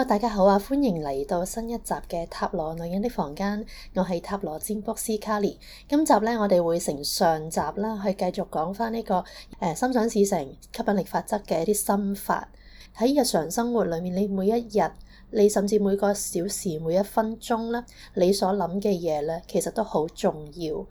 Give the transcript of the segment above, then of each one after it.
Hello, 大家好啊，歡迎嚟到新一集嘅塔羅女人的房間，我係塔羅占卜師卡利。今集咧，我哋會承上集啦，去繼續講翻呢、這個誒、呃、心想事成吸引力法則嘅一啲心法。喺日常生活裏面，你每一日，你甚至每個小時、每一分鐘咧，你所諗嘅嘢咧，其實都好重要。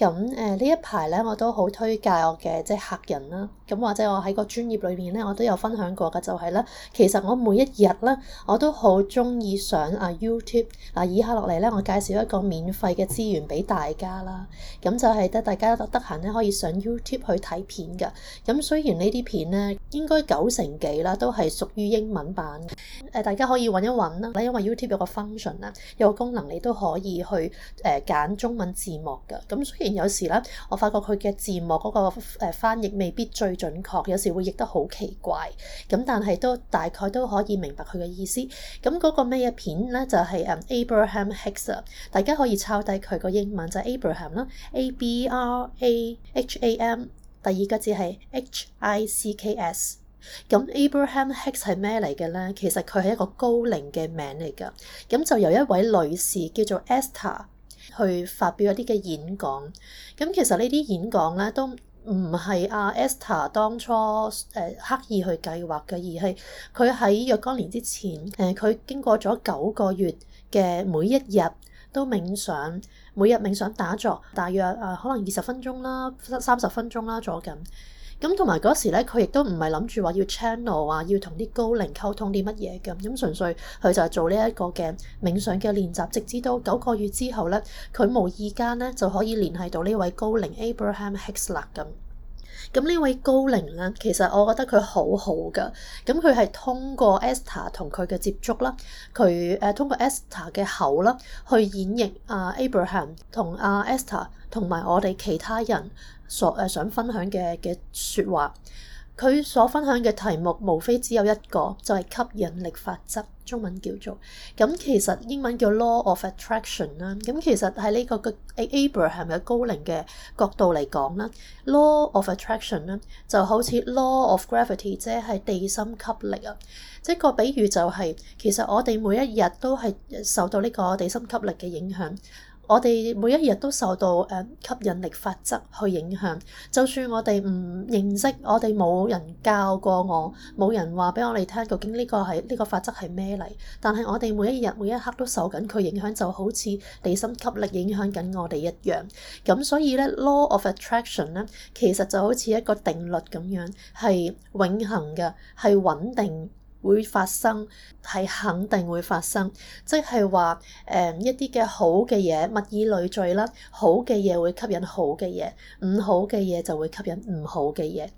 咁誒呢一排咧，我都好推介我嘅即係客人啦。咁或者我喺個專業裏面咧，我都有分享過嘅，就係咧，其實我每一日咧，我都好中意上啊 YouTube。嗱，以下落嚟咧，我介紹一個免費嘅資源俾大家啦。咁就係得大家得閒咧，可以上 YouTube 去睇片嘅。咁雖然呢啲片咧，應該九成幾啦，都係屬於英文版嘅。誒，大家可以揾一揾啦，因為 YouTube 有個 function 啊，有個功能，你都可以去誒揀中文字幕嘅。咁雖然，有時咧，我發覺佢嘅字幕嗰個誒翻譯未必最準確，有時會譯得好奇怪。咁但係都大概都可以明白佢嘅意思。咁嗰個咩片呢？就係、是、Abraham Hicks。大家可以抄低佢個英文，就 Abraham、是、啦，Abraham，A B R A H A M。第二個字係 H I C K S。咁 Abraham Hicks 係咩嚟嘅呢？其實佢係一個高齡嘅名嚟㗎。咁就由一位女士叫做 Esther。去發表一啲嘅演講，咁其實呢啲演講咧都唔係阿 Esther 當初誒刻意去計劃嘅，而係佢喺若干年之前誒，佢經過咗九個月嘅每一日都冥想，每日冥想打坐，大約誒可能二十分鐘啦，三十分鐘啦，左右。咁同埋嗰時咧，佢亦都唔係諗住話要 channel 啊，要同啲高靈溝通啲乜嘢嘅，咁純粹佢就係做呢一個嘅冥想嘅練習，直至到九個月之後咧，佢無意間咧就可以聯繫到呢位高靈 Abraham Hicks 咁。咁呢位高靈咧，其實我覺得佢好好㗎。咁佢係通過 Esther 同佢嘅接觸啦，佢誒通過 Esther 嘅口啦，去演繹啊 Abraham 同啊 Esther 同埋我哋其他人。所誒、呃、想分享嘅嘅説話，佢所分享嘅題目無非只有一個，就係、是、吸引力法則，中文叫做咁、嗯，其實英文叫 Law of Attraction 啦、嗯。咁其實喺呢、這個嘅 Abraham 嘅高靈嘅角度嚟講啦，Law of Attraction 啦就好似 Law of Gravity，即係地心吸力啊。即個比喻就係、是、其實我哋每一日都係受到呢個地心吸力嘅影響。我哋每一日都受到吸引力法則去影響，就算我哋唔認識，我哋冇人教過我，冇人話畀我哋聽究竟呢個係呢個法則係咩嚟。但係我哋每一日每一刻都受緊佢影響，就好似地心吸力影響緊我哋一樣。咁所以咧，law of attraction 咧，其實就好似一個定律咁樣，係永恆嘅，係穩定。會發生，係肯定會發生，即係話誒一啲嘅好嘅嘢，物以類聚啦，好嘅嘢會吸引好嘅嘢，唔好嘅嘢就會吸引唔好嘅嘢。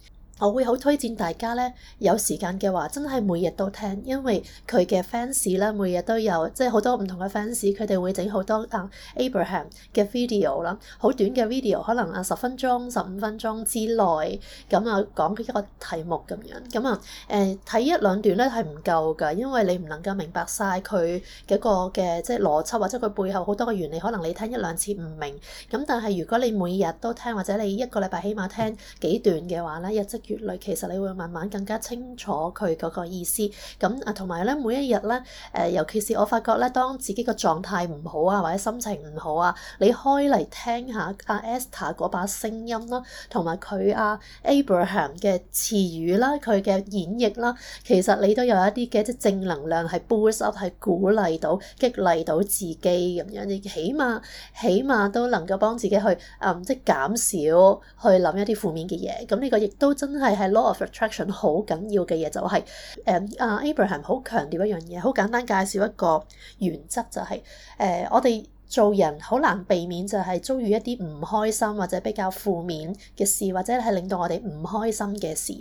我會好推薦大家咧，有時間嘅話，真係每日都聽，因為佢嘅 fans 啦，每日都有，即係好多唔同嘅 fans，佢哋會整好多啊 Abraham 嘅 video 啦，好短嘅 video，可能啊十分鐘、十五分鐘之內咁啊講一個題目咁樣，咁啊誒睇、呃、一兩段咧係唔夠㗎，因為你唔能夠明白晒佢嘅個嘅即係邏輯或者佢背後好多嘅原理，可能你聽一兩次唔明，咁但係如果你每日都聽，或者你一個禮拜起碼聽幾段嘅話咧，日積其實你會慢慢更加清楚佢嗰個意思，咁啊同埋咧每一日咧，誒、呃、尤其是我發覺咧，當自己個狀態唔好啊或者心情唔好啊，你開嚟聽下阿 Esther 嗰把聲音啦，同埋佢阿 Abraham 嘅詞語啦，佢嘅演繹啦，其實你都有一啲嘅即係正能量係 boost up，係鼓勵到、激勵到自己咁樣，你起碼起碼都能夠幫自己去，嗯、即係減少去諗一啲負面嘅嘢，咁呢個亦都真。真係係 law of attraction 好緊要嘅嘢，就係、是、誒啊、uh, Abraham 好強調一樣嘢，好簡單介紹一個原則就係、是、誒、uh, 我哋做人好難避免就係遭遇一啲唔開心或者比較負面嘅事，或者係令到我哋唔開心嘅事。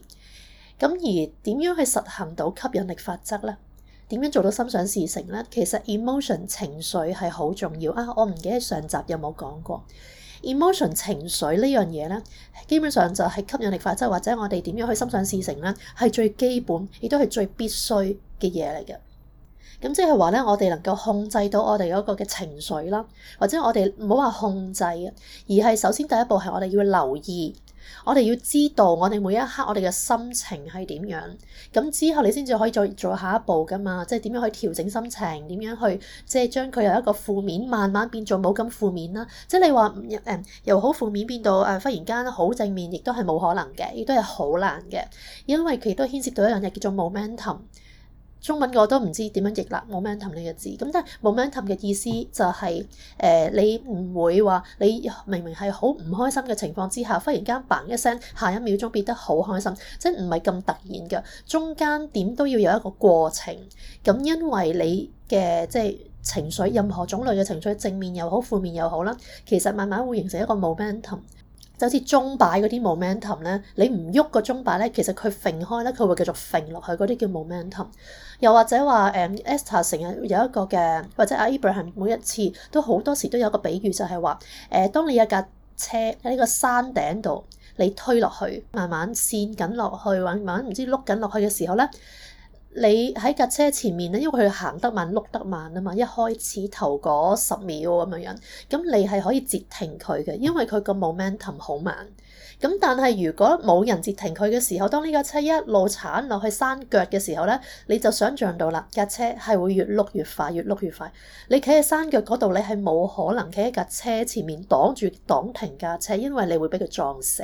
咁而點樣去實行到吸引力法則呢？點樣做到心想事成呢？其實 emotion 情緒係好重要啊！我唔記得上集有冇講過。Emotion 情緒呢樣嘢咧，基本上就係吸引力法則，或者我哋點樣去心想事成咧，係最基本，亦都係最必須嘅嘢嚟嘅。咁即係話咧，我哋能夠控制到我哋嗰個嘅情緒啦，或者我哋唔好話控制，而係首先第一步係我哋要留意。我哋要知道我哋每一刻我哋嘅心情係點樣，咁之後你先至可以再做下一步㗎嘛，即係點樣去調整心情，點樣去即係將佢由一個負面慢慢變做冇咁負面啦。即係你話誒、呃、由好負面變到誒、呃、忽然間好正面，亦都係冇可能嘅，亦都係好難嘅，因為佢亦都牽涉到一樣嘢叫做 momentum。中文我都唔知點樣譯啦，momentum 呢個字咁，但係 momentum 嘅意思就係、是、誒、呃，你唔會話你明明係好唔開心嘅情況之下，忽然間嘭一聲，下一秒鐘變得好開心，即係唔係咁突然嘅，中間點都要有一個過程咁，因為你嘅即係情緒任何種類嘅情緒，正面又好，負面又好啦，其實慢慢會形成一個 momentum。就好似鐘擺嗰啲 momentum 咧，你唔喐個鐘擺咧，其實佢揈開咧，佢會繼續揈落去，嗰啲叫 momentum。又或者話誒，Esther 成日有一個嘅，或者阿 Abraham 每一次都好多時都有個比喻，就係話誒，當你有架車喺呢個山頂度，你推落去，慢慢扇緊落去，或者慢慢唔知碌緊落去嘅時候咧。你喺架車前面咧，因為佢行得慢、碌得慢啊嘛，一開始頭嗰十秒咁樣樣，咁你係可以截停佢嘅，因為佢個 momentum 好慢。咁但係如果冇人截停佢嘅時候，當呢架車一路鏟落去山腳嘅時候咧，你就想像到啦，架車係會越碌越快，越碌越快。你企喺山腳嗰度，你係冇可能企喺架車前面擋住擋停架車，因為你會俾佢撞死。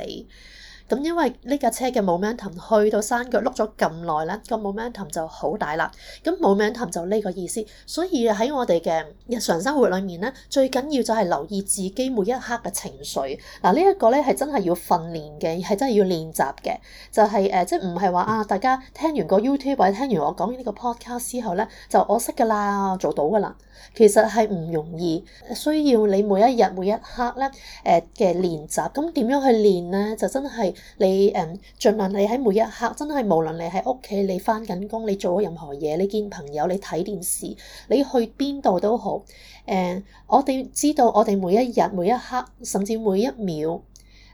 咁因為呢架車嘅 momentum 去到山腳碌咗咁耐咧，個 momentum 就好大啦。咁 momentum 就呢個意思，所以喺我哋嘅日常生活裏面咧，最緊要就係留意自己每一刻嘅情緒。嗱、這個，呢一個咧係真係要訓練嘅，係真係要練習嘅。就係、是、誒、呃，即係唔係話啊？大家聽完個 YouTube，或者聽完我講完呢個 Podcast 之後咧，就我識㗎啦，做到㗎啦。其實係唔容易，需要你每一日每一刻咧誒嘅練習。咁、呃、點樣去練咧？就真係～你誒、嗯、盡量你喺每一刻真係，無論你喺屋企，你返緊工，你做任何嘢，你見朋友，你睇電視，你去邊度都好誒、嗯。我哋知道我哋每一日每一刻，甚至每一秒。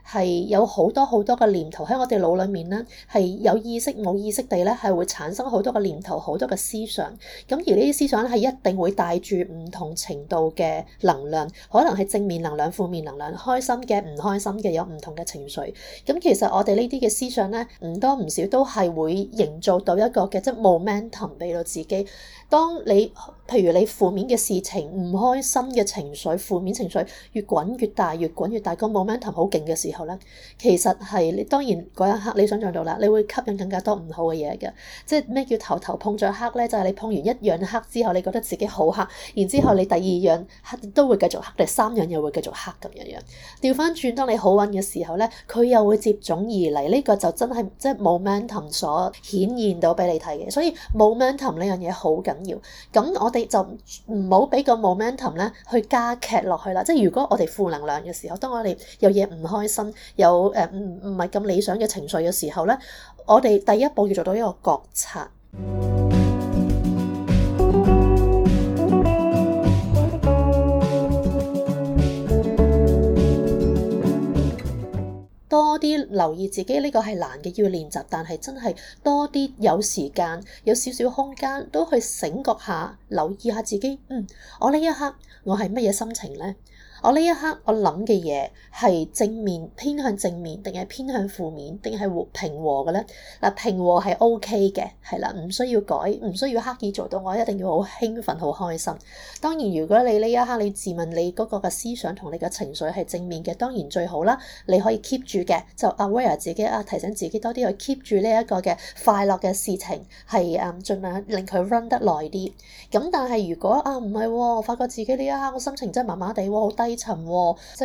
係有好多好多嘅念頭喺我哋腦裏面咧，係有意識冇意識地咧，係會產生好多嘅念頭、好多嘅思想。咁而呢啲思想咧係一定會帶住唔同程度嘅能量，可能係正面能量、負面能量、開心嘅、唔開心嘅，有唔同嘅情緒。咁其實我哋呢啲嘅思想咧，唔多唔少都係會營造到一個嘅即係 momentum 俾到自己。當你譬如你負面嘅事情、唔開心嘅情緒、負面情緒越滾越大，越滾越大，個 momentum 好勁嘅時候。頭啦，其實係你當然嗰一刻你想象到啦，你會吸引更加多唔好嘅嘢嘅，即係咩叫頭頭碰著黑咧？就係、是、你碰完一樣黑之後，你覺得自己好黑，然之後你第二樣黑都會繼續黑，第三樣又會繼續黑咁樣樣。調翻轉，當你好運嘅時候咧，佢又會接踵而嚟。呢、這個就真係即係、就是、momentum 所顯現到俾你睇嘅，所以 momentum 呢樣嘢好緊要。咁我哋就唔好俾個 momentum 咧去加劇落去啦。即係如果我哋負能量嘅時候，當我哋有嘢唔開心。有誒，唔唔唔係咁理想嘅情緒嘅時候咧，我哋第一步要做到一個覺察，多啲留意自己。呢個係難嘅，要練習，但係真係多啲有時間、有少少空間都去醒覺下，留意下自己。嗯，我呢一刻我係乜嘢心情咧？我呢一刻我諗嘅嘢係正面，偏向正面，定係偏向負面，定係平和嘅咧？嗱，平和係 OK 嘅，係啦，唔需要改，唔需要刻意做到，我一定要好興奮好開心。當然，如果你呢一刻你自問你嗰個嘅思想，同你嘅情緒係正面嘅，當然最好啦，你可以 keep 住嘅，就 aware 自己啊，提醒自己多啲去 keep 住呢一個嘅快樂嘅事情，係啊，儘量令佢 run 得耐啲。咁但係如果啊唔係，我發覺自己呢一刻我心情真係麻麻地喎，好低。即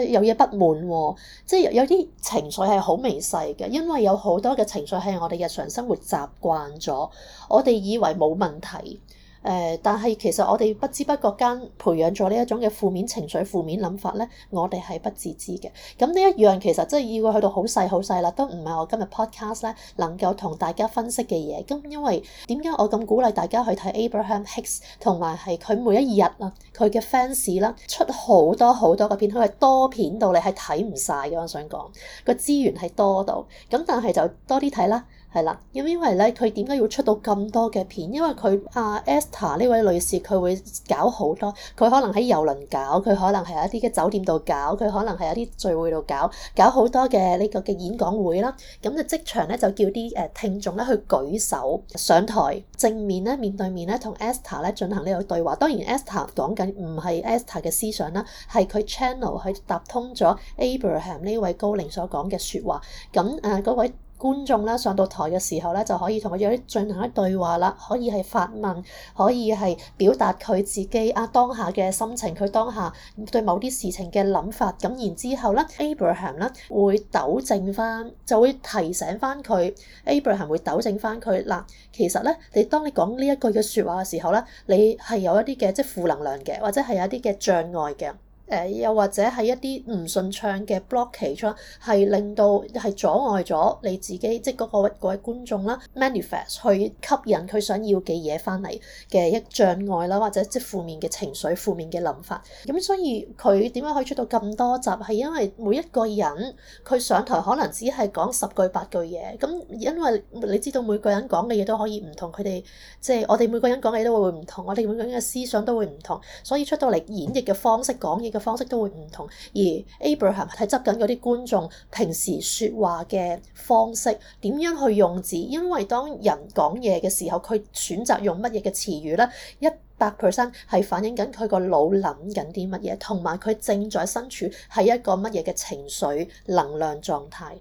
係有嘢不滿，即係有啲情緒係好微細嘅，因為有好多嘅情緒係我哋日常生活習慣咗，我哋以為冇問題。誒，但係其實我哋不知不覺間培養咗呢一種嘅負面情緒、負面諗法咧，我哋係不自知嘅。咁呢一樣其實真係要去到好細好細啦，都唔係我今日 podcast 咧能夠同大家分析嘅嘢。咁因為點解我咁鼓勵大家去睇 Abraham Hicks 同埋係佢每一日啦，佢嘅 fans 啦出好多好多個片，佢係多片到你係睇唔晒嘅。我想講個資源係多到，咁但係就多啲睇啦。係啦，咁因為咧，佢點解要出到咁多嘅片？因為佢啊 Esther 呢位女士，佢會搞好多，佢可能喺郵輪搞，佢可能喺一啲嘅酒店度搞，佢可能喺一啲聚會度搞，搞好多嘅呢、這個嘅、這個、演講會啦。咁就即場咧就叫啲誒、呃、聽眾咧去舉手上台正面咧面對面咧同 Esther 咧進行呢個對話。當然 Esther 講緊唔係 Esther 嘅思想啦，係佢 channel 係搭通咗 Abraham 呢位高齡所講嘅說話。咁誒嗰位。觀眾咧上到台嘅時候咧，就可以同佢進行一對話啦，可以係發問，可以係表達佢自己啊當下嘅心情，佢當下對某啲事情嘅諗法。咁然之後咧，Abraham 咧會糾正返，就會提醒返佢，Abraham 會糾正返佢嗱，其實咧你當你講呢一句嘅說話嘅時候咧，你係有一啲嘅即係負能量嘅，或者係有一啲嘅障礙嘅。誒又或者係一啲唔順暢嘅 blockage，係令到係阻礙咗你自己，即係、那、嗰個位觀眾啦，manifest 去吸引佢想要嘅嘢翻嚟嘅一障礙啦，或者即係負面嘅情緒、負面嘅諗法。咁所以佢點樣可以出到咁多集？係因為每一個人佢上台可能只係講十句八句嘢。咁因為你知道每個人講嘅嘢都可以唔同，佢哋即係我哋每個人講嘅嘢都會唔同，我哋每個人嘅思想都會唔同。所以出到嚟演繹嘅方式、講嘢嘅方式都會唔同，而 Abraham 係執緊嗰啲觀眾平時說話嘅方式點樣去用字，因為當人講嘢嘅時候，佢選擇用乜嘢嘅詞語呢？一百 percent 係反映緊佢個腦諗緊啲乜嘢，同埋佢正在身處係一個乜嘢嘅情緒能量狀態。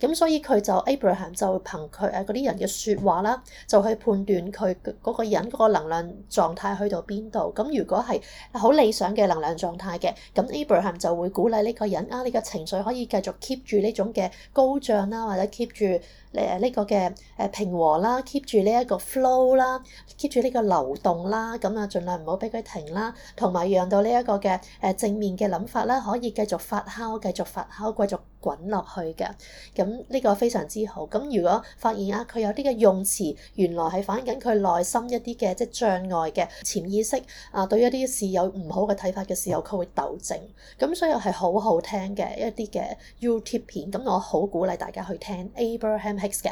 咁所以佢就 Abraham 就憑佢誒嗰啲人嘅說話啦，就去判斷佢嗰個人嗰個能量狀態去到邊度。咁如果係好理想嘅能量狀態嘅，咁 Abraham 就會鼓勵呢個人啊，呢個情緒可以繼續 keep 住呢種嘅高漲啦，或者 keep 住。誒呢個嘅誒平和啦，keep 住呢一個 flow 啦，keep 住呢個流動啦，咁啊盡量唔好俾佢停啦，同埋讓到呢一個嘅誒正面嘅諗法啦，可以繼續發酵、繼續發酵、繼續滾落去嘅，咁、這、呢個非常之好。咁如果發現啊佢有啲嘅用詞原來係反映緊佢內心一啲嘅即係障礙嘅潛意識啊，對一啲事有唔好嘅睇法嘅時候，佢會糾正。咁所以係好好聽嘅一啲嘅 YouTube 片，咁我好鼓勵大家去聽 Abraham 嘅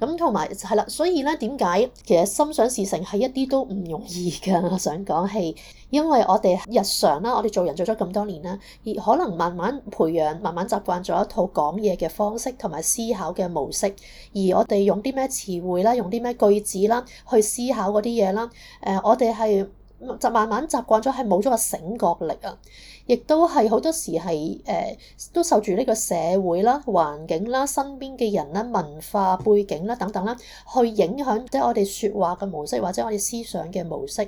咁同埋係啦，所以咧，點解其實心想事成係一啲都唔容易嘅？我想講係，因為我哋日常啦，我哋做人做咗咁多年啦，而可能慢慢培養，慢慢習慣咗一套講嘢嘅方式，同埋思考嘅模式，而我哋用啲咩詞彙啦，用啲咩句子啦去思考嗰啲嘢啦。誒，我哋係就慢慢習慣咗，係冇咗個醒覺力啊。亦都係好多時係誒、呃，都受住呢個社會啦、環境啦、身邊嘅人啦、文化背景啦等等啦，去影響即係我哋說話嘅模式或者我哋思想嘅模式。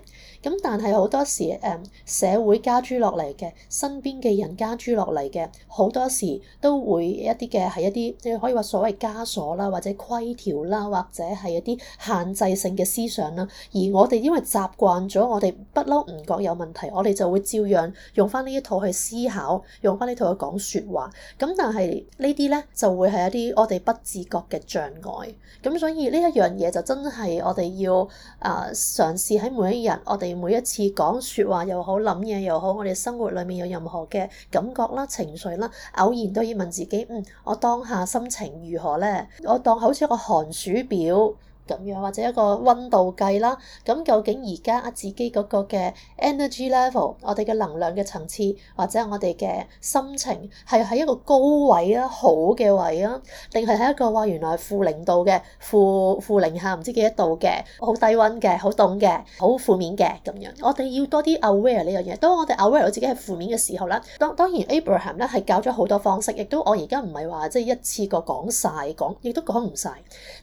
咁但係好多時誒、嗯、社會加諸落嚟嘅，身邊嘅人加諸落嚟嘅，好多時都會一啲嘅係一啲，即係可以話所謂枷鎖啦，或者規條啦，或者係一啲限制性嘅思想啦。而我哋因為習慣咗，我哋不嬲唔覺有問題，我哋就會照樣用翻呢一套。去思考，用翻呢套去講說話，咁但係呢啲呢，就會係一啲我哋不自覺嘅障礙，咁所以呢一樣嘢就真係我哋要啊、呃、嘗試喺每一日，我哋每一次講說話又好，諗嘢又好，我哋生活裏面有任何嘅感覺啦、情緒啦，偶然都要問自己，嗯，我當下心情如何呢？我當好似一個寒暑表。咁樣或者一個溫度計啦，咁究竟而家自己嗰個嘅 energy level，我哋嘅能量嘅層次或者我哋嘅心情係喺一個高位啊，好嘅位啊，定係喺一個話原來負零度嘅，負負零下唔知幾多度嘅，好低溫嘅，好凍嘅，好負面嘅咁樣。我哋要多啲 aware 呢樣嘢。當我哋 aware 到自己係負面嘅時候啦，當當然 Abraham 咧係教咗好多方式，亦都我而家唔係話即係一次過講晒，講，亦都講唔晒。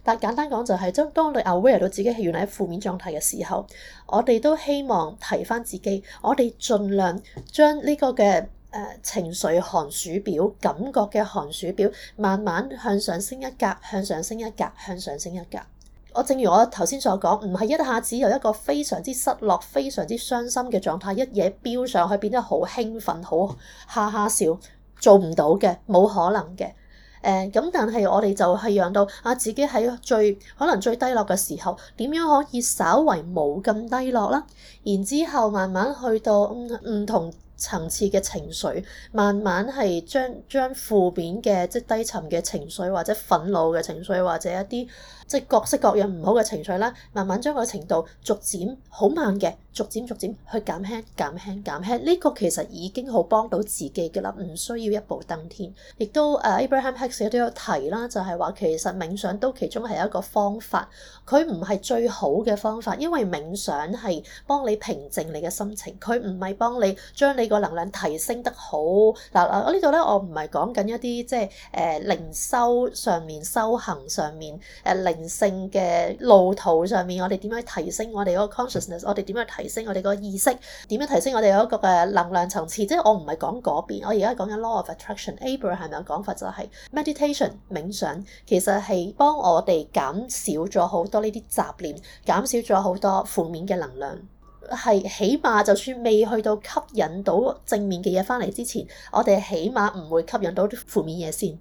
但係簡單講就係將。當你 aware 到自己係原來喺負面狀態嘅時候，我哋都希望提翻自己，我哋盡量將呢個嘅誒情緒寒暑表、感覺嘅寒暑表慢慢向上升一格，向上升一格，向上升一格。我正如我頭先所講，唔係一下子由一個非常之失落、非常之傷心嘅狀態一嘢飆上去，變得好興奮、好哈哈笑，做唔到嘅，冇可能嘅。誒咁，但係我哋就係讓到啊自己喺最可能最低落嘅時候，點樣可以稍為冇咁低落啦？然之後慢慢去到唔同層次嘅情緒，慢慢係將將負面嘅即係低沉嘅情緒，或者憤怒嘅情緒，或者一啲。即係各式各樣唔好嘅情緒啦，慢慢將個程度逐漸好慢嘅，逐漸逐漸去減輕、減輕、減輕，呢個其實已經好幫到自己嘅啦，唔需要一步登天。亦都誒 Abraham Hicks 都有提啦，就係話其實冥想都其中係一個方法，佢唔係最好嘅方法，因為冥想係幫你平靜你嘅心情，佢唔係幫你將你個能量提升得好。嗱嗱，我呢度咧，我唔係講緊一啲即係誒靈修上面、修行上面誒。靈、呃。性嘅路途上面，我哋點樣提升我哋嗰個 consciousness？我哋點樣提升我哋個意識？點樣提升我哋嗰個嘅能量層次？即係我唔係講嗰邊，我而家講緊 law of attraction。Abraham 係咪有講法就係、是、meditation 冥想，其實係幫我哋減少咗好多呢啲雜念，減少咗好多負面嘅能量。係起碼就算未去到吸引到正面嘅嘢翻嚟之前，我哋起碼唔會吸引到啲負面嘢先。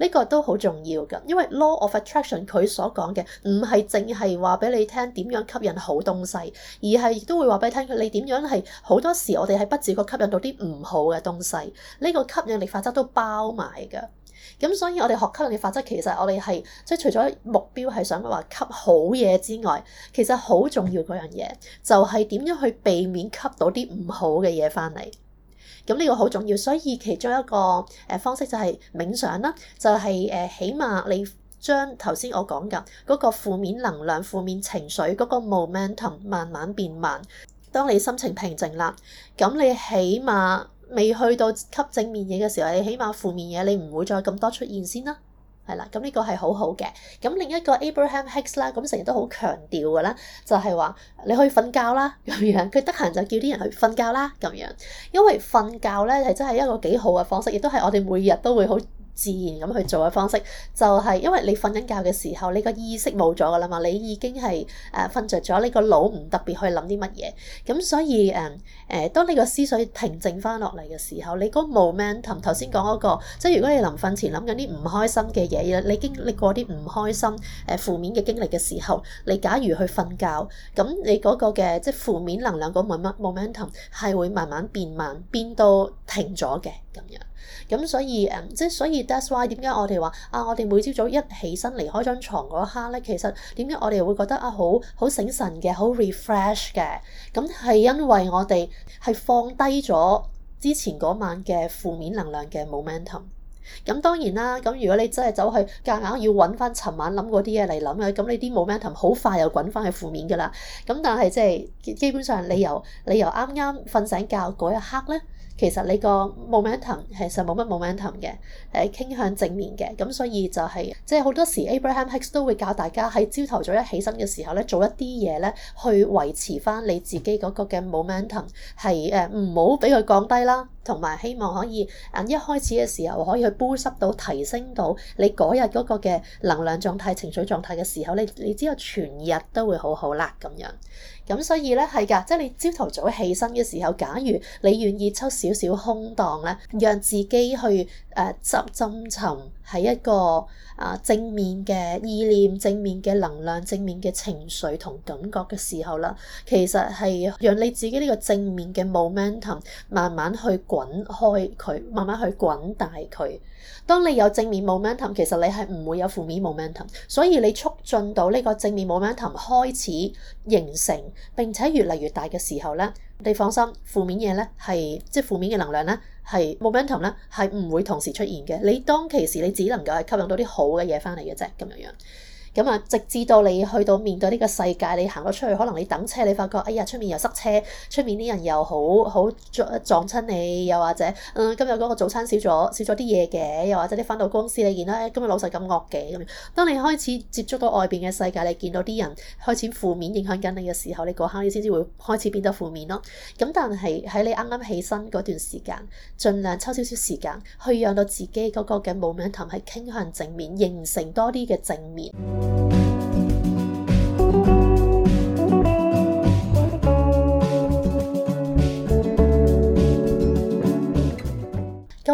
呢個都好重要㗎，因為 law of attraction 佢所講嘅唔係淨係話俾你聽點樣吸引好東西，而係亦都會話俾你聽，你點樣係好多時我哋係不自覺吸引到啲唔好嘅東西，呢個吸引力法則都包埋㗎。咁所以我哋學吸引力法則，其實我哋係即係除咗目標係想話吸好嘢之外，其實好重要嗰樣嘢就係點樣去避免吸到啲唔好嘅嘢翻嚟。咁呢個好重要，所以其中一個誒方式就係冥想啦，就係誒起碼你將頭先我講嘅嗰個負面能量、負面情緒嗰個 momentum 慢慢變慢。當你心情平靜啦，咁你起碼未去到吸正面嘢嘅時候，你起碼負面嘢你唔會再咁多出現先啦。係啦，咁呢個係好好嘅。咁另一個 Abraham Hicks 啦，咁成日都好強調嘅啦，就係話你可以瞓覺啦咁樣，佢得閒就叫啲人去瞓覺啦咁樣，因為瞓覺咧係真係一個幾好嘅方式，亦都係我哋每日都會好自然咁去做嘅方式，就係因為你瞓緊覺嘅時候，你個意識冇咗噶啦嘛，你已經係誒瞓著咗，你個腦唔特別去諗啲乜嘢。咁所以誒誒，當你個思緒平靜翻落嚟嘅時候，你個 momentum 頭先講嗰個，即係如果你臨瞓前諗緊啲唔開心嘅嘢，你經歷過啲唔開心誒負面嘅經歷嘅時候，你假如去瞓覺，咁你嗰個嘅即係負面能量嗰 momentum 係會慢慢變慢，變到停咗嘅咁樣。咁所以誒，即係所以，that's why 點解我哋話啊，我哋每朝早一起身離開張床嗰一刻咧，其實點解我哋會覺得啊，好好醒神嘅，好 refresh 嘅，咁係因為我哋係放低咗之前嗰晚嘅負面能量嘅 momentum。咁當然啦，咁如果你真係走去夾硬要揾翻尋晚諗嗰啲嘢嚟諗咧，咁你啲 momentum 好快又滾翻去負面噶啦。咁但係即係基本上你，你由你由啱啱瞓醒覺嗰一刻咧。其實你個 momentum 其實冇乜 momentum 嘅，誒傾向正面嘅，咁所以就係、是、即係好多時 Abraham Hicks 都會教大家喺朝頭早一起身嘅時候咧，做一啲嘢咧，去維持返你自己嗰個嘅 momentum，係誒唔、呃、好俾佢降低啦，同埋希望可以誒一開始嘅時候可以去 boost 到提升到你嗰日嗰個嘅能量狀態、情緒狀態嘅時候，你你之後全日都會好好啦咁樣。咁所以呢，係㗎，即你朝頭早起身嘅時候，假如你願意抽少少空檔咧，讓自己去誒執針黹。Uh, 浸浸喺一個啊正面嘅意念、正面嘅能量、正面嘅情緒同感覺嘅時候啦，其實係讓你自己呢個正面嘅 momentum 慢慢去滾開佢，慢慢去滾大佢。當你有正面 momentum，其實你係唔會有負面 momentum。所以你促進到呢個正面 momentum 開始形成，並且越嚟越大嘅時候咧。你放心，負面嘢，咧係即係負面嘅能量咧係 momentum 咧係唔會同時出現嘅。你當其時你只能夠係吸引到啲好嘅嘢翻嚟嘅啫，咁樣樣。咁啊！直至到你去到面對呢個世界，你行咗出去，可能你等車，你發覺哎呀，出面又塞車，出面啲人又好好撞撞親你，又或者嗯，今日嗰個早餐少咗少咗啲嘢嘅，又或者你翻到公司你見到、哎、今日老世咁惡嘅咁。當你開始接觸到外邊嘅世界，你見到啲人開始負面影響緊你嘅時候，你嗰刻你先至會開始變得負面咯。咁但係喺你啱啱起身嗰段時間，儘量抽少少時間去讓到自己嗰個嘅 momentum 係傾向正面，形成多啲嘅正面。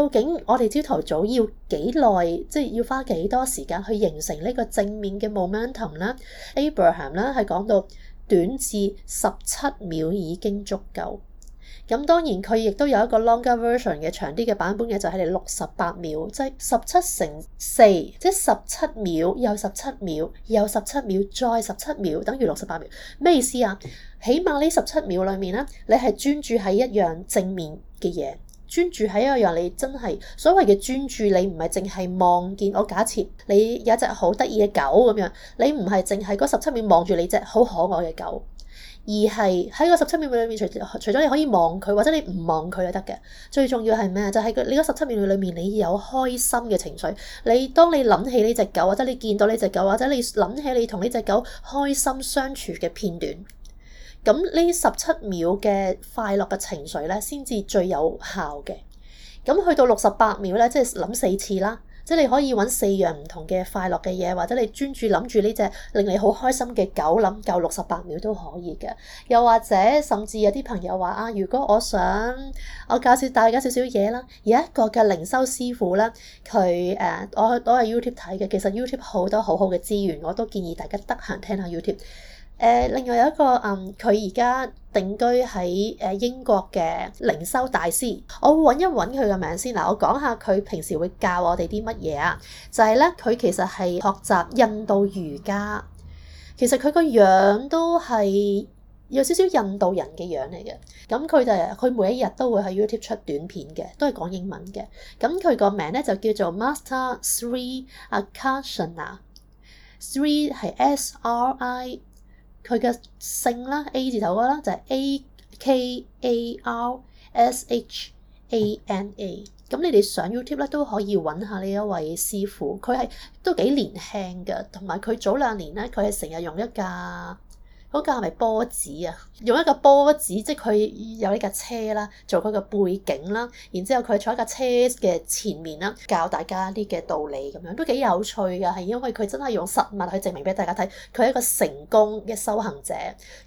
究竟我哋朝頭早要幾耐，即係要花幾多時間去形成呢個正面嘅 momentum 啦？Abraham 咧係講到短至十七秒已經足夠。咁當然佢亦都有一個 longer version 嘅長啲嘅版本嘅，就係你六十八秒，即係十七乘四，即係十七秒又十七秒又十七秒再十七秒，等於六十八秒。咩意思啊？起碼呢十七秒裏面咧，你係專注喺一樣正面嘅嘢。專注喺一樣，你真係所謂嘅專注，你唔係淨係望見。我假設你有一隻好得意嘅狗咁樣，你唔係淨係嗰十七秒望住你隻好可愛嘅狗，而係喺嗰十七秒裏面，除除咗你可以望佢，或者你唔望佢就得嘅。最重要係咩？就係你嗰十七秒裏面，你有開心嘅情緒。你當你諗起呢隻狗，或者你見到呢隻狗，或者你諗起你同呢隻狗開心相處嘅片段。咁呢十七秒嘅快樂嘅情緒咧，先至最有效嘅。咁去到六十八秒咧，即係諗四次啦。即係你可以揾四樣唔同嘅快樂嘅嘢，或者你專注諗住呢隻令你好開心嘅狗，諗夠六十八秒都可以嘅。又或者甚至有啲朋友話啊，如果我想我介紹大家少少嘢啦，有一個嘅靈修師傅咧，佢誒我我喺 YouTube 睇嘅，其實 YouTube 好多好好嘅資源，我都建議大家得閒聽下 YouTube。另外有一個嗯，佢而家定居喺誒英國嘅靈修大師，我揾一揾佢個名先嗱。我講下佢平時會教我哋啲乜嘢啊，就係呢，佢其實係學習印度瑜伽。其實佢個樣都係有少少印度人嘅樣嚟嘅。咁佢就佢每一日都會喺 YouTube 出短片嘅，都係講英文嘅。咁佢個名呢，就叫做 Master Sri Akshana。Sri 係 S R I。佢嘅姓啦，A 字頭嘅啦，就係 A.K.A.R.S.H.A.N.A。咁你哋上 YouTube 咧都可以揾下呢一位師傅，佢係都幾年輕嘅，同埋佢早兩年咧，佢係成日用一架。嗰架係咪波子啊？用一個波子，即係佢有呢架車啦，做佢個背景啦，然之後佢坐喺架車嘅前面啦，教大家啲嘅道理咁樣，都幾有趣㗎。係因為佢真係用實物去證明俾大家睇，佢係一個成功嘅修行者，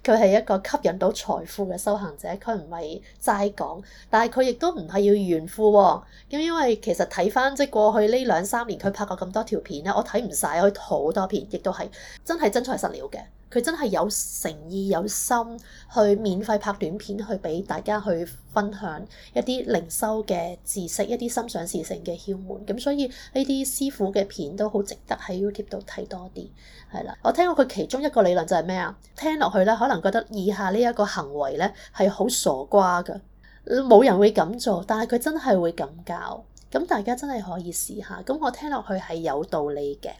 佢係一個吸引到財富嘅修行者，佢唔係齋講，但係佢亦都唔係要炫富喎。咁因為其實睇返即係過去呢兩三年佢拍過咁多條片咧，我睇唔晒。佢好多片，亦都係真係真材實料嘅。佢真係有誠意、有心去免費拍短片，去俾大家去分享一啲靈修嘅知識、一啲心想事成嘅竅門。咁所以呢啲師傅嘅片都好值得喺 YouTube 度睇多啲，係啦。我聽過佢其中一個理論就係咩啊？聽落去咧，可能覺得以下呢一個行為咧係好傻瓜㗎，冇人會咁做。但係佢真係會咁教，咁大家真係可以試下。咁我聽落去係有道理嘅。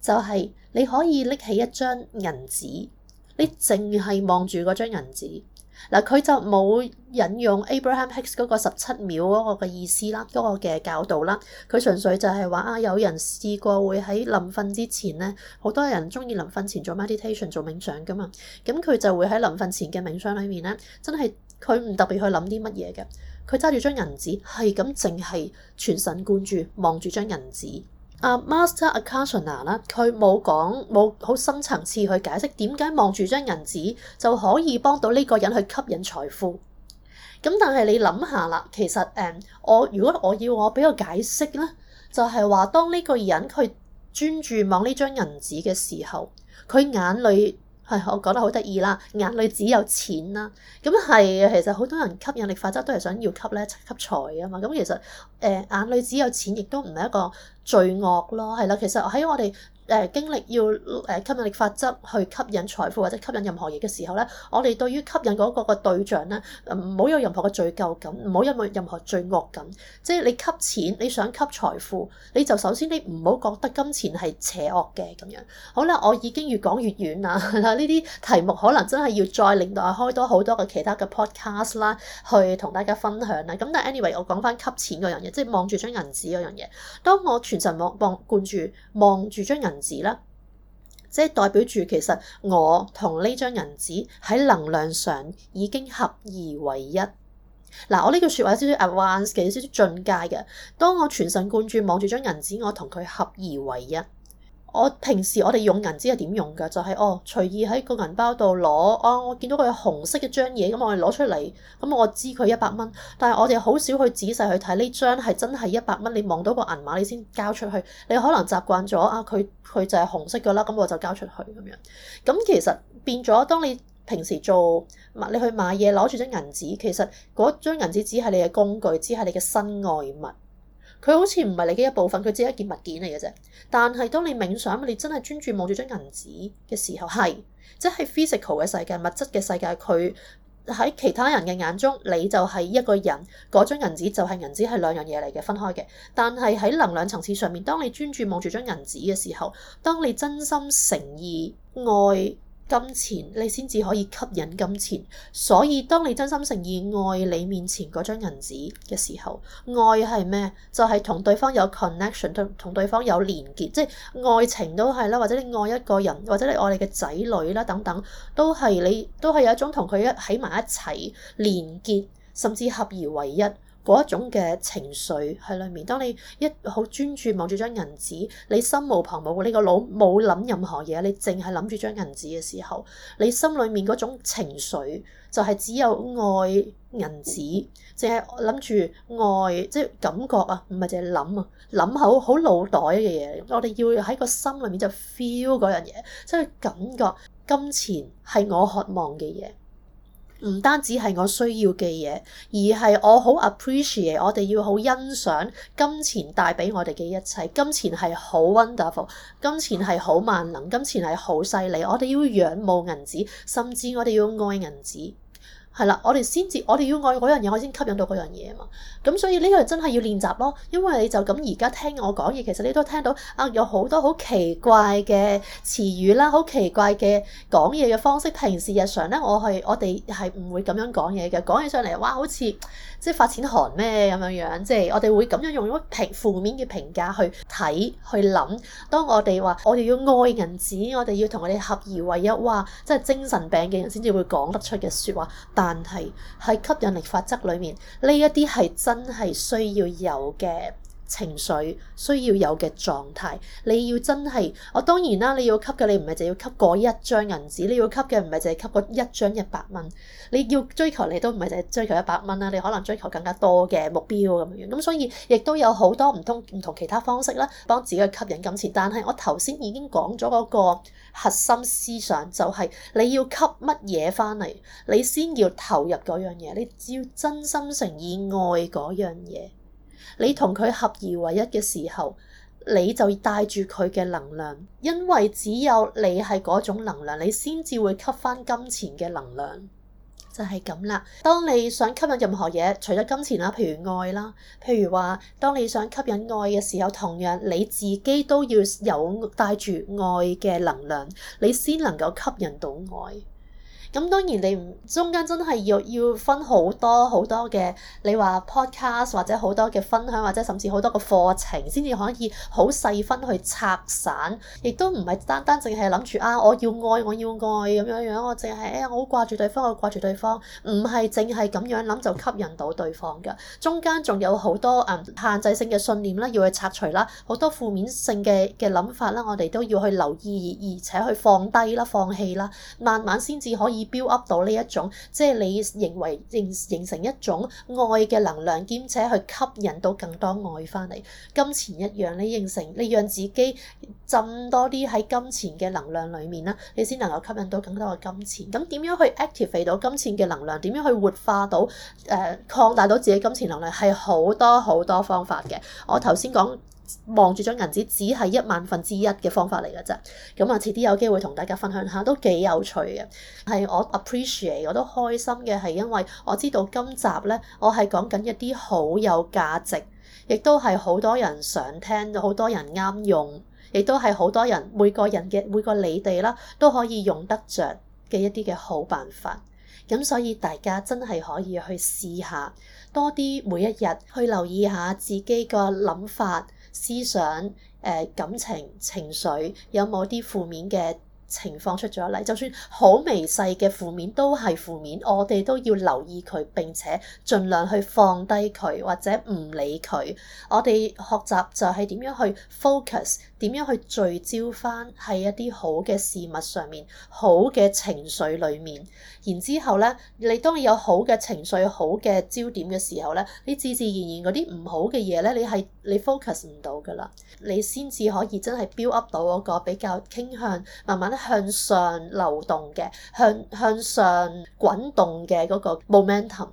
就係你可以拎起一張銀紙，你淨係望住嗰張銀紙，嗱，佢就冇引用 Abraham Hicks 嗰個十七秒嗰個嘅意思啦，嗰個嘅教導啦，佢純粹就係話啊，有人試過會喺臨瞓之前呢，好多人鍾意臨瞓前做 meditation 做冥想㗎嘛，咁、嗯、佢就會喺臨瞓前嘅冥想裏面呢，真係佢唔特別去諗啲乜嘢嘅，佢揸住張銀紙係咁淨係全神貫注望住張銀紙。Master Akashuna 啦，佢冇講冇好深層次去解釋點解望住張銀紙就可以幫到呢個人去吸引財富。咁但係你諗下啦，其實誒，我如果我要我俾個解釋咧，就係、是、話當呢個人佢專注望呢張銀紙嘅時候，佢眼裏係、哎、我覺得好得意啦，眼裏只有錢啦。咁係其實好多人吸引力法則都係想要吸咧吸財啊嘛。咁其實誒、呃，眼裏只有錢，亦都唔係一個。罪惡咯，係啦，其實喺我哋。誒經歷要誒吸引力法則去吸引財富或者吸引任何嘢嘅時候咧，我哋對於吸引嗰個嘅對象咧，唔好有任何嘅罪疚感，唔好有任何罪惡感。即係你吸錢，你想吸財富，你就首先你唔好覺得金錢係邪惡嘅咁樣。好啦，我已經越講越遠啦，呢啲題目可能真係要再令到我開多好多嘅其他嘅 podcast 啦，去同大家分享啦。咁但係 anyway，我講返吸錢嗰樣嘢，即係望住張銀紙嗰樣嘢。當我全神望望貫住望住張銀。即係代表住，其實我同呢張銀紙喺能量上已經合二為一。嗱，我呢句說話有少少 advance 嘅，有少少進階嘅。當我全神貫注望住張銀紙，我同佢合二為一。我平時我哋用銀紙係點用嘅？就係、是、哦，隨意喺個銀包度攞，啊、哦，我見到佢紅色一張嘢，咁我哋攞出嚟，咁、嗯、我知佢一百蚊。但係我哋好少去仔細去睇呢張係真係一百蚊，你望到個銀碼你先交出去。你可能習慣咗啊，佢佢就係紅色㗎啦，咁、嗯、我就交出去咁樣。咁、嗯、其實變咗，當你平時做你去買嘢攞住張銀紙，其實嗰張銀紙只係你嘅工具，只係你嘅身外物。佢好似唔係你嘅一部分，佢只係一件物件嚟嘅啫。但係當你冥想，你真係專注望住張銀紙嘅時候，係即係 physical 嘅世界、物質嘅世界，佢喺其他人嘅眼中，你就係一個人，嗰張銀紙就係銀紙，係兩樣嘢嚟嘅，分開嘅。但係喺能量層次上面，當你專注望住張銀紙嘅時候，當你真心誠意愛金錢你先至可以吸引金錢，所以當你真心誠意愛你面前嗰張銀紙嘅時候，愛係咩？就係同對方有 connection，同同對方有連結，即係愛情都係啦，或者你愛一個人，或者你愛你嘅仔女啦等等，都係你都係有一種同佢一喺埋一齊連結，甚至合而為一。嗰一種嘅情緒喺裏面，當你一好專注望住張銀紙，你心無旁騖，你個腦冇諗任何嘢，你淨係諗住張銀紙嘅時候，你心裏面嗰種情緒就係只有愛銀紙，淨係諗住愛，即係感覺啊，唔係淨係諗啊，諗好好腦袋嘅嘢。我哋要喺個心裏面就 feel 嗰樣嘢，即係感覺金錢係我渴望嘅嘢。唔單止係我需要嘅嘢，而係我好 appreciate，我哋要好欣賞金錢帶畀我哋嘅一切。金錢係好 wonderful，金錢係好萬能，金錢係好犀利。我哋要仰慕銀紙，甚至我哋要愛銀紙。係啦，我哋先至，我哋要愛嗰樣嘢，我先吸引到嗰樣嘢啊嘛。咁所以呢個真係要練習咯，因為你就咁而家聽我講嘢，其實你都聽到啊，有好多好奇怪嘅詞語啦，好奇怪嘅講嘢嘅方式。平時日常咧，我係我哋係唔會咁樣講嘢嘅，講起上嚟哇，好似即係發錢寒咩咁樣樣，即係我哋會咁樣用一個負面嘅評價去睇去諗。當我哋話我哋要愛銀紙，我哋要同佢哋合而為一，哇！即係精神病嘅人先至會講得出嘅説話。但係喺吸引力法則裏面，呢一啲係真係需要有嘅。情緒需要有嘅狀態，你要真係我當然啦，你要吸嘅你唔係淨係要吸嗰一張銀紙，你要吸嘅唔係淨係吸嗰一張一百蚊，你要追求你都唔係淨係追求一百蚊啦，你可能追求更加多嘅目標咁樣，咁所以亦都有好多唔同唔同其他方式啦，幫自己去吸引金錢。但係我頭先已經講咗嗰個核心思想，就係你要吸乜嘢翻嚟，你先要投入嗰樣嘢，你只要真心誠意愛嗰樣嘢。你同佢合二為一嘅時候，你就帶住佢嘅能量，因為只有你係嗰種能量，你先至會吸翻金錢嘅能量就係咁啦。當你想吸引任何嘢，除咗金錢啦，譬如愛啦，譬如話當你想吸引愛嘅時候，同樣你自己都要有帶住愛嘅能量，你先能夠吸引到愛。咁當然你唔中間真係要要分好多好多嘅，你話 podcast 或者好多嘅分享或者甚至好多嘅課程，先至可以好細分去拆散，亦都唔係單單淨係諗住啊，我要愛我要愛咁樣樣，我淨係誒我好掛住對方我掛住對方，唔係淨係咁樣諗就吸引到對方㗎。中間仲有好多啊限制性嘅信念啦，要去拆除啦，好多負面性嘅嘅諗法啦，我哋都要去留意而而且去放低啦放棄啦，慢慢先至可以。build up 到呢一種，即係你認為形形成一種愛嘅能量，兼且去吸引到更多愛翻嚟。金錢一樣，你形成，你讓自己浸多啲喺金錢嘅能量裏面啦，你先能夠吸引到更多嘅金錢。咁點樣去 activate 到金錢嘅能量？點樣去活化到誒，擴、呃、大到自己金錢能量係好多好多方法嘅。我頭先講。望住張銀紙，只係一萬分之一嘅方法嚟嘅啫。咁啊，遲啲有機會同大家分享下，都幾有趣嘅。係我 appreciate，我都開心嘅，係因為我知道今集呢，我係講緊一啲好有價值，亦都係好多人想聽，好多人啱用，亦都係好多人每個人嘅每個你哋啦都可以用得着嘅一啲嘅好辦法。咁所以大家真係可以去試下，多啲每一日去留意下自己個諗法。思想、誒、感情、情緒，有冇啲負面嘅情況出咗嚟？就算好微細嘅負面都係負面，我哋都要留意佢，並且盡量去放低佢，或者唔理佢。我哋學習就係點樣去 focus。點樣去聚焦返喺一啲好嘅事物上面，好嘅情緒裏面，然之後咧，你當你有好嘅情緒、好嘅焦點嘅時候咧，你自自然然嗰啲唔好嘅嘢咧，你係你 focus 唔到㗎喇，你先至可以真係 build up 到嗰個比較傾向慢慢向上流動嘅向向上滾動嘅嗰個 momentum。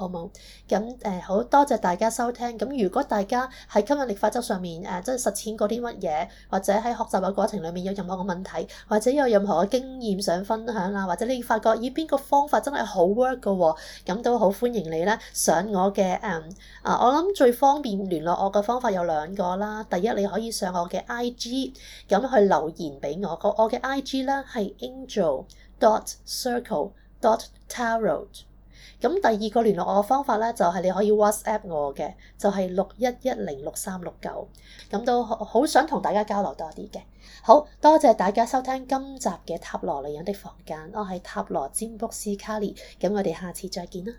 好冇咁誒，好、呃、多謝大家收聽。咁如果大家喺吸引力法則上面誒，即、呃、係實踐過啲乜嘢，或者喺學習嘅過程裡面有任何嘅問題，或者有任何嘅經驗想分享啦，或者你發覺以邊個方法真係好 work 嘅，咁、呃、都好歡迎你咧上我嘅誒啊！我諗最方便聯絡我嘅方法有兩個啦。第一，你可以上我嘅 IG 咁、呃、去留言俾我個、呃、我嘅 IG 咧係 angel dot circle dot tar tarot。咁第二個聯絡我嘅方法呢，就係、是、你可以 WhatsApp 我嘅，就係六一一零六三六九，咁都好想同大家交流多啲嘅。好多謝大家收聽今集嘅塔羅女人的房間，我係塔羅占卜師卡莉。咁我哋下次再見啦。